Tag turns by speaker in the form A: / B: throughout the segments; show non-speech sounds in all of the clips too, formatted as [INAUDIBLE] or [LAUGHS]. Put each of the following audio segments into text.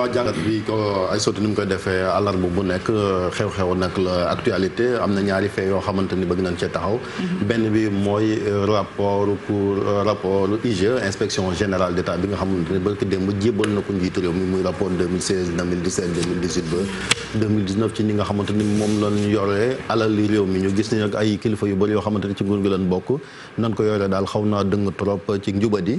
A: waaw jàngat bi ko ay sotti ni mu koy defee àllarba bu nekk xew-xew nag la actualité am na ñaari fee yoo xamante ni bëgg nañ cee taxaw. Mm-hmm. benn bi mooy euh, rapport pour euh, rapport IGE inspection générale d' état bi nga xamante ni barki démb jébal na ko njiitu réew mi muy rapport 2016 2017 2018 ba 2019 ci ni nga xamante ni moom la ñu yoree alal réew mi ñu gis nañ ak ay kilifa yu bëri yoo xamante ni ci nguur gi lañ bokk nan ko yoree daal xaw naa dëng trop ci njubadi.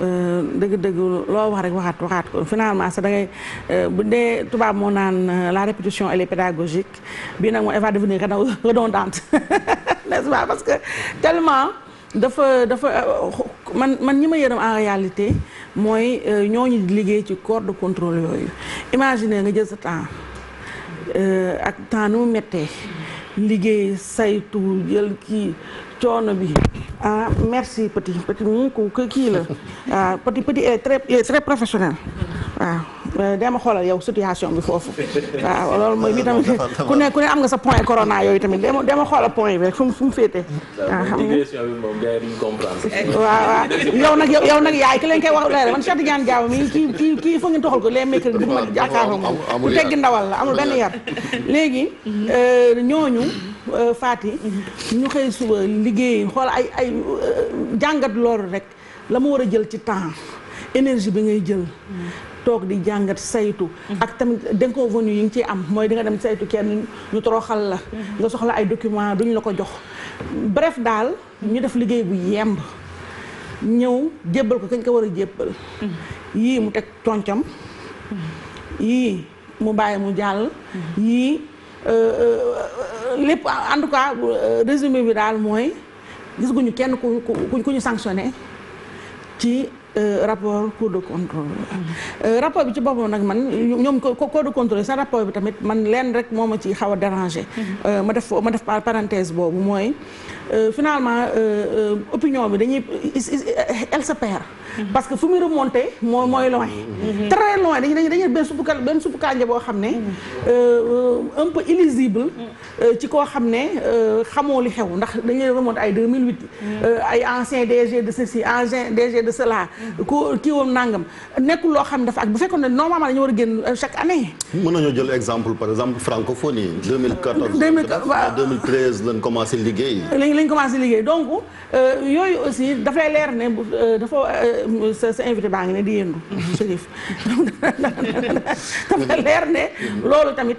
B: Euh, dëgg-dëgg lo wax rek waxat waxat ko finalement sax da ngay euh, bu dee tuba mo nan euh, la répétition elle est pédagogique bii nag moom elle va devenir redondante [LAUGHS] n'est-ce pas parce que tellement dafa dafa man man ñima yërem en réalité mooy ñooñu liggé ci corps de contrôle yooyu imagine nga jël sa temps euh ak temps nu mu méttee saytu jël ki coono bi ah merci petit petit mu mm, ku kii la ah petit petit est très est très professionnel waaw ah, dama xoolal yow situation bi foofu waaw ah, loolu mooy bi tamit ku ne ku ne am nga sa point corona yooyu tamit dama dama xoolal point bi rek fu mu fu mu féete. Ah, waaw xam yow nag yow nag yaay ki leen koy wax leer man Cheikh Tidiane Diaw mi kii kii kii ko les mercredis bu ma jàkkaarloo moom bu teggi ndawal la amul benn yar [LAUGHS] léegi euh, ñooñu. Euh, Fati. ñu xëy suba liggéey xool ay ay euh, jàngat loolu rek la ma war a jël ci temps énergie bi ngay jël. toog di jàngat saytu ak tamit déconvenu yi ngi ciy am mooy dinga dem saytu kenn ñu toroxal la nga soxla ay document duñ la ko jox bref daal ñu def liggéey bu yemb ñëw jébbal ko kañ ko war a jébbal yii mu teg toncam yii mu bàyyi mu jàll yii Euh, euh, lépp en tout cas euh, résumé bi daal mooy gis guñu kenn ku ku ku ñu sanctionné ci rapport cours de contrôle. rapport bi ci boppam nag man ñoom cours de contrôle sa rapport bi tamit man leen rek moom ma ci xaw a dérangé. Mm-hmm. ma def ma def parenthèse boobu mooy. Euh, finalement euh, euh, opinion bi dañuy elle se perd parce que fu muy remonté moo mooy loin très loin dañuy dañuy benn suppu kanja benn suppu kanja boo xam ne un peu illisible ci koo xam ne xamoo li xew ndax dañuy remonté ay 2008 ay ancien DG de ceci ancien DG de cela ko kii woon nangam nekkul loo xam dafa ak bu fekkoon ne dañu war a génn chaque année
A: mën nañoo jël exemple par exemple francophonie 2014 2013 lañ commencé liggéey
B: lañ commencé liggéey donc euh, yooyu aussi dafay leer ne euh, dafa euh, sa sa invité baa ngi ne di yëndu Chérif [LAUGHS] [LAUGHS] dafa leer ne loolu tamit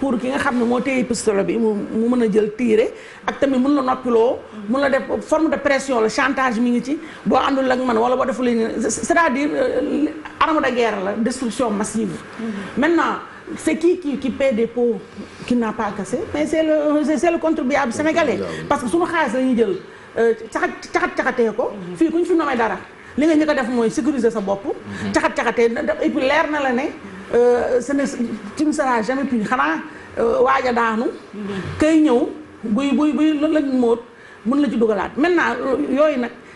B: pour ki nga xam ne moo téye pistolet bi mu mu mën a jël tiire ak tamit mun na noppiloo mun la def forme de pression la chantage mi ngi ci boo àndul ak man wala boo deful c'est-à-dire euh, arme de guerre la destruction massive mm-hmm. maintenant c'est qui kii kii paie des pots qui n'a pas cassé mais c'est le bi le contribuable parce que suñu xaalis la ñuy jël euh, caxat caxat caxatee ko mm-hmm. fii ku ñu fi nomee dara li nga ñu ko def mooy sécuriser sa bopp mm-hmm. caxat caxatee et puis leer na la ne Euh, ce ne tu ne seras jamais plus xanaa euh, waaj a daanu. kay ñëw buy buy buy lan lañ moot mën la ci dugalaat maintenant euh, yooyu nag.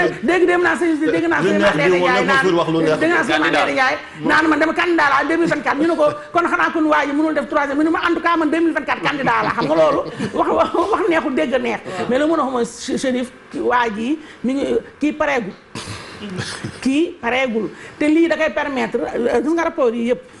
B: dégg dem naa sëñ dégg naa sëñ Mandiaye Ndiaye naan dégg naa sëñ Mandiaye Ndiaye naan man dama candidat la 2024 ñu ne ko kon xanaa kon waa ji mënul def troisième mu ne ma en tout cas man 2024 candidat la xam nga loolu wax wax neexul dégg neex mais la mën a xama Chérif waa ji mi ngi kii pareegul kii pareegul te lii da koy permettre gis nga rapport yi yëpp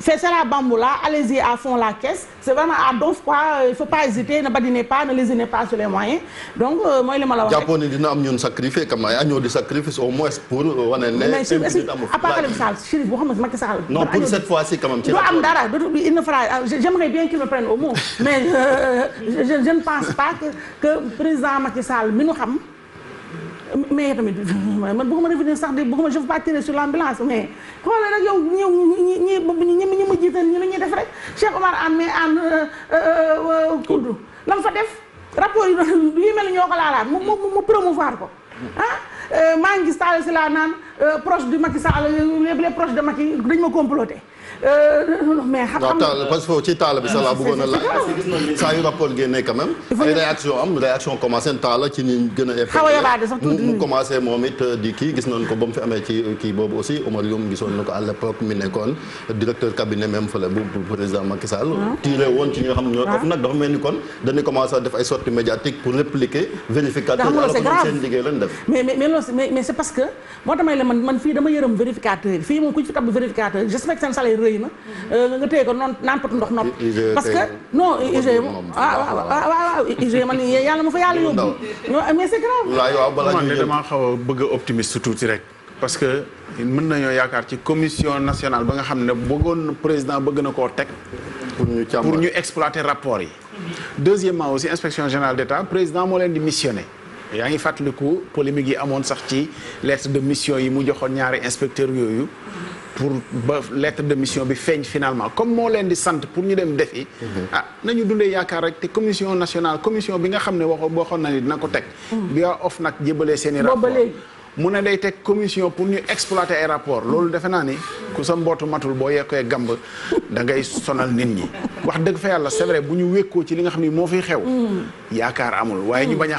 B: ça la bamboula, allez-y à fond la caisse. C'est vraiment à don quoi, il ne faut pas hésiter, ne pas pas, ne lésinez pas sur les moyens. Donc, euh, moi, il est malheureux. Japon,
A: il y a un sacrifice, comme un y de des sacrifices au moins pour on est né. À part le sal,
B: je suis sal. Non, pour cette fois-ci, quand même. Il ne ah, j'aimerais bien qu'il me prenne au mot, mais euh, je, ne pense pas que, le président Macky mais tamit man bëgguma revenir sax de bëgguma je veux pas tirer sur l'ambulance mais xoolal rek yow ñëw ñi ñi ñi ma jiital ñi la ñuy def rek Cheikh Omar Anne mais Anne euh, euh, euh, Koundou lam fa def rapport yi yu [LAUGHS] mel ñoo ko laalaat mu mu promouvoir ko ah maa ngi gis si laa naan Euh, proche du Macky Sall les proches de Macky ma comploté. Euh,
A: parce que foofu ci taal bi sax laa bëggoon a laaj. saa yu rapport génnee quand même. réaction am réaction commencé taala ci ni gën a. xaw mu commencé moom euh, di kii gis nañu ko ba mu fi amee ci kii boobu aussi Omar Youm gisoon na ko à l'époque mi nekkoon directeur cabinet même fële bu président Macky Sall. Ah. woon ci ñi xam ne ñoo of ah. nag dafa mel ni kon dañu commencé def ay sorties médiatiques pour répliquer vérificateur. alors que seen liggéey lañ
B: def. man man fii dama yërëm vérificateur yi fii moom ku ci tabb vérificateur yi j'espère que seen salaire na euh, nga téye ko noon naan pot ndox nopp e parce que non IG moom waaw e ah, waaw ah, ah, e man yàlla ma fa yàlla yóbbu mais c'est grave man de damaa
C: xaw a bëgg a optimiste rek parce que mën nañoo yaakaar ci commission nationale ba nga xam ne bëggoon président bëgg na koo teg pour ñu exploiter rapport yi deuxièmement aussi inspection générale d'État président moo leen di missionné yaa ngi fàttaliku polémique yi amoon sax ci lettre de mission yi mu joxoon ñaari inspecteur yooyu pour ba lettre de mission bi feeñ finalement comme moo leen di sant pour ñu dem defi ah nañu dundee yaakaar rek te commission nationale commission bi nga xam ne waxoon waxoon na ni dina ko teg bi waa of nag jébalee seen i rapport mu ne day teg commission pour ñu exploiter ay rapport loolu defe naa ni ku sa mbootu matul boo yekkee gamb da ngay sonal nit ñi wax dëgg fa yàlla c'est vrai bu ñu wékkoo ci li nga xam ne moo fiy xew mm. yaakaar amul waaye ñu bañ a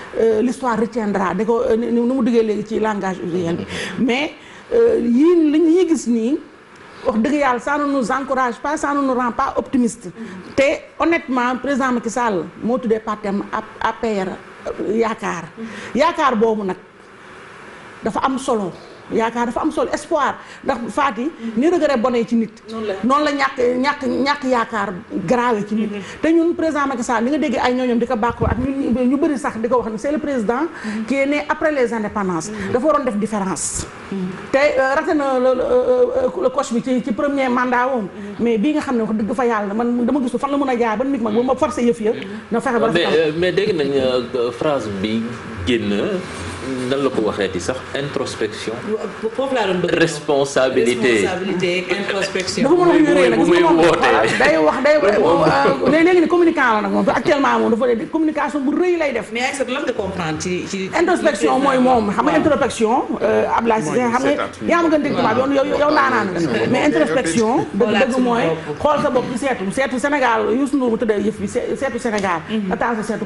B: Euh, l'histoire retiendra da ko euh, nu mu duggee léegi ci langage usuel bi mais euh, yii li ñuy gis nii wax dëgg yàlla ça ne nous encourage pas ça ne nous pas optimiste te honnêtement président Macky Sall moo tuddee partem APR yaakaar yaakaar boobu nag dafa am solo yaakaar dafa am solo espoir ndax yi faati ni regret bonee ci nit noonu la ñàkk ñàkk ñàkk yaakaar grave ci nit mm-hmm. te ñun président Macky saa li nga déggee ay ñooñom di ko bàkkoo ak ñu bëri sax di ko wax ne c'est le président mm-hmm. qui est né après les indépendances mm-hmm. dafa waroon def différence te euh, raté na le euh, coche bi ci ci premier mandat woom mais bi nga xam ne wax dëgg fa yàlla man dama gisul fan la mën a jaay ban mig mag ba ma forcé yëf ya na fexe ba mais
A: euh,
C: bi génn nan ko sax introspection. la responsabilité responsabilité
B: introspection. mais légui actuellement communication bu lay def. mais introspection introspection.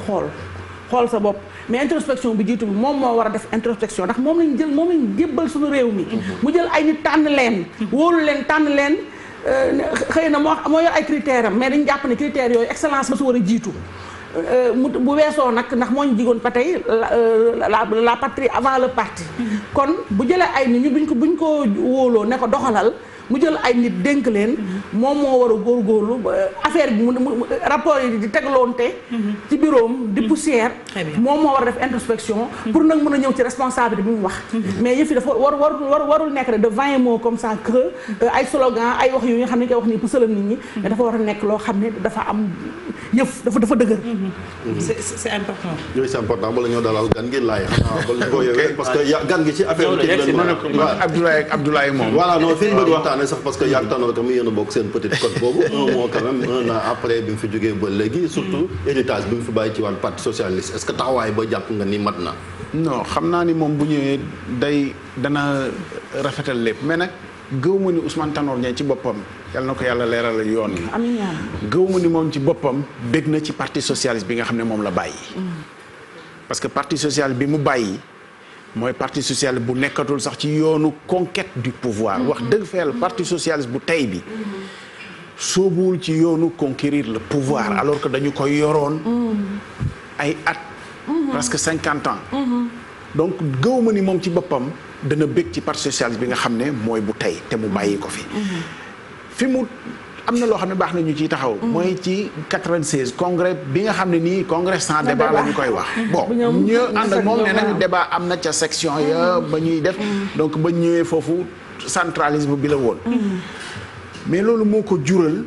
B: Euh, xool sa bopp mais introspection bi jiitu bi moom moo war a def introspection ndax moom lañ jël moom lañ jébbal suñu réew mi mhm. mu jël ay nit tànn leen wóolu leen tànn leen euh, xëy na moo moo yor ay critères am mais dañ jàpp ne critères yooyu excellence ba su war a jiitu euh, mu bu weesoo nag ndax moo ñu digoon ba tey euh, la la patrie avant le parti mhm. kon bu jëlee ay nit ñu buñ ko buñ ko wóoloo ne ko doxalal mu jël ay nit dénk leen moom moo war a góorgóorlu affaire bi mu rapport yi di tegloonte mhm. ci bureau am di mhm. poussière moom moo war a def introspection mhm. pour nag mën a ñëw ci responsabilité bi mu wax mais yëf yi dafa war warul nekk rek de vingt mots comme ça creux ay slogan ay wax yu xam ne koy wax nii pour sëlal nit ñi dafa war a nekk loo xam ne dafa am yëf dafa dafa dëgër c'est
A: c'est important bala ñoo dalal gan gi laay ah, [LAUGHS] parce que gan gi ci affaire bi Abdoulaye Abdoulaye moom waxtaane sax parce que yak tanoor ka mi yéen a bokk seen peut-être code boobu un mois quand même un an après bi fi jógee ba légui surtout héritage bi fi bay ci wàllu parti socialiste est-ce que taway ba japp nga ni matna
C: non xamna ni mom bu ñëwé day dana rafetal lepp mais nak gëw ni Ousmane Tanor ñe ci bopam yalla nako yalla yàlla yoon amin ya gëw ni mom ci bopam bég na ci parti socialiste bi nga xam mom la bayyi
B: hmm.
C: parce que parti socialiste bi mu bayyi mooy parti socialiste bu nekkatul sax ci yoonu conquête du pouvoir mm-hmm. wax dëgg fa yàlla parti socialiste bu tey bi
B: mm-hmm.
C: soobuwul ci yoonu conquérir le pouvoir mm-hmm. alors que dañu koy yoroon ay at presque cinquante ans donc gëw ma ni moom ci boppam dana bëgg ci parti socialiste bi nga xam ne mooy bu tey te mu bàyyi ko fi fi mu am na loo xam ne baax na ñu ciy taxaw. Mm-hmm. mooy ci 96 congrès bi nga xam ne nii congrès sans débat la ñu koy wax. [LAUGHS] bon ñu ànd ak moom nee débat am na section ya mm-hmm. ba def. Mm-hmm. donc ba ñëwee foofu centralisme bi la woon. mais loolu moo jural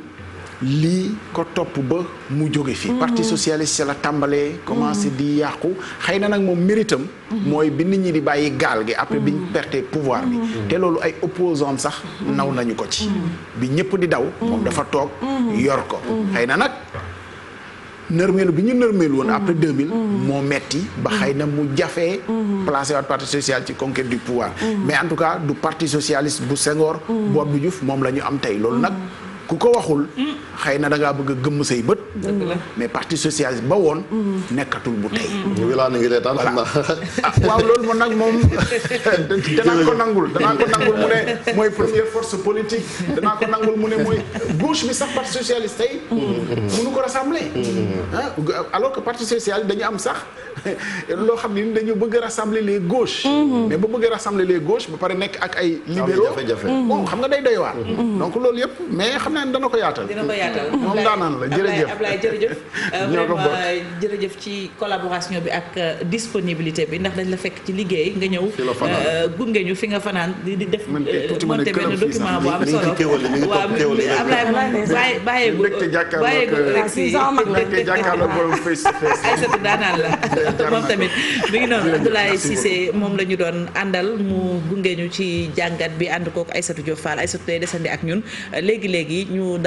C: li ko top ba mu joge fi mhm. parti socialiste la tambalé commencé di yaqku xeyna nak mom méritam moy mhm. bi nit ñi di bayyi gal gi après biñ mhm. perté pouvoir bi té lolu ay opposants sax naw nañu ko ci bi ñepp di daw mom dafa tok yor ko xeyna nak nermelu biñu ñu won après 2000 mo metti ba xeyna mu jafé placer wat parti social ci conquête du pouvoir mais en tout cas du parti socialiste bu Senghor bu Abdou Diouf mom lañu am tay lolu nak ku ko waxul xëy na da ngaa bëgg a gëmm say bët. mais parti socialiste ba woon. Mm-hmm. nekkatul bu tey. Mm-hmm. ñu laa ni
A: ngi reetaan na. Ah, waaw
C: loolu moom nag moom [LAUGHS]
A: danaa ko nangul danaa ko nangul mu ne
C: mooy première force politique danaa ko nangul mu ne mooy gauche bi sax parti socialiste tey. mënu mm-hmm. ko rassembler. Ah, alors que parti socialiste dañu am sax [LAUGHS] loo xam ne dañu bëgg rassembler les gauches. mais ba bëgg rassembler les gauches ba pare nekk ak ay libéraux. bon xam nga day doy waar. donc loolu yëpp mais xam naa ne dana ko yaatal. daanaan la moom daanaan la jërëjëf
B: [LAUGHS] euh, jërëjëf ci collaboration bi ak euh, disponibilité bi ndax dañ la fekk ci liggéey nga ñëw euh, gunge ñu fi nga fanaan di def monté benn document bu am solo waaw Ablaye bàyyi bàyyeegu bàyyeegu rek si mbégte
C: jàkkaarloo borom face to face [LAUGHS] Aïssatou daanaan la moom tamit
B: mi ngi noonu Abdoulaye Cissé moom la ñu doon àndal mu gunge ñu ci jàngat bi ànd kook Aïssatou Diop Fall Aïssatou day desandi ak ñun léegi léegi ñu